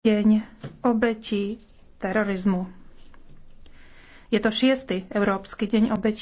deň obetí terorizmu. Je to šiestý Európsky deň obetí